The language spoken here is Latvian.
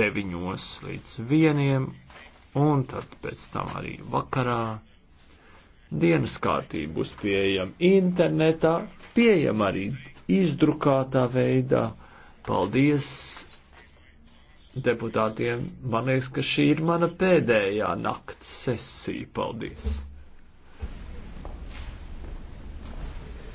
deviņos līdz vieniem, un tad pēc tam arī vakarā. Dienas kārtība būs pieejama internetā, pieejama arī izdrukātā veidā. Paldies deputātiem! Man liekas, ka šī ir mana pēdējā nakts sesija. Paldies!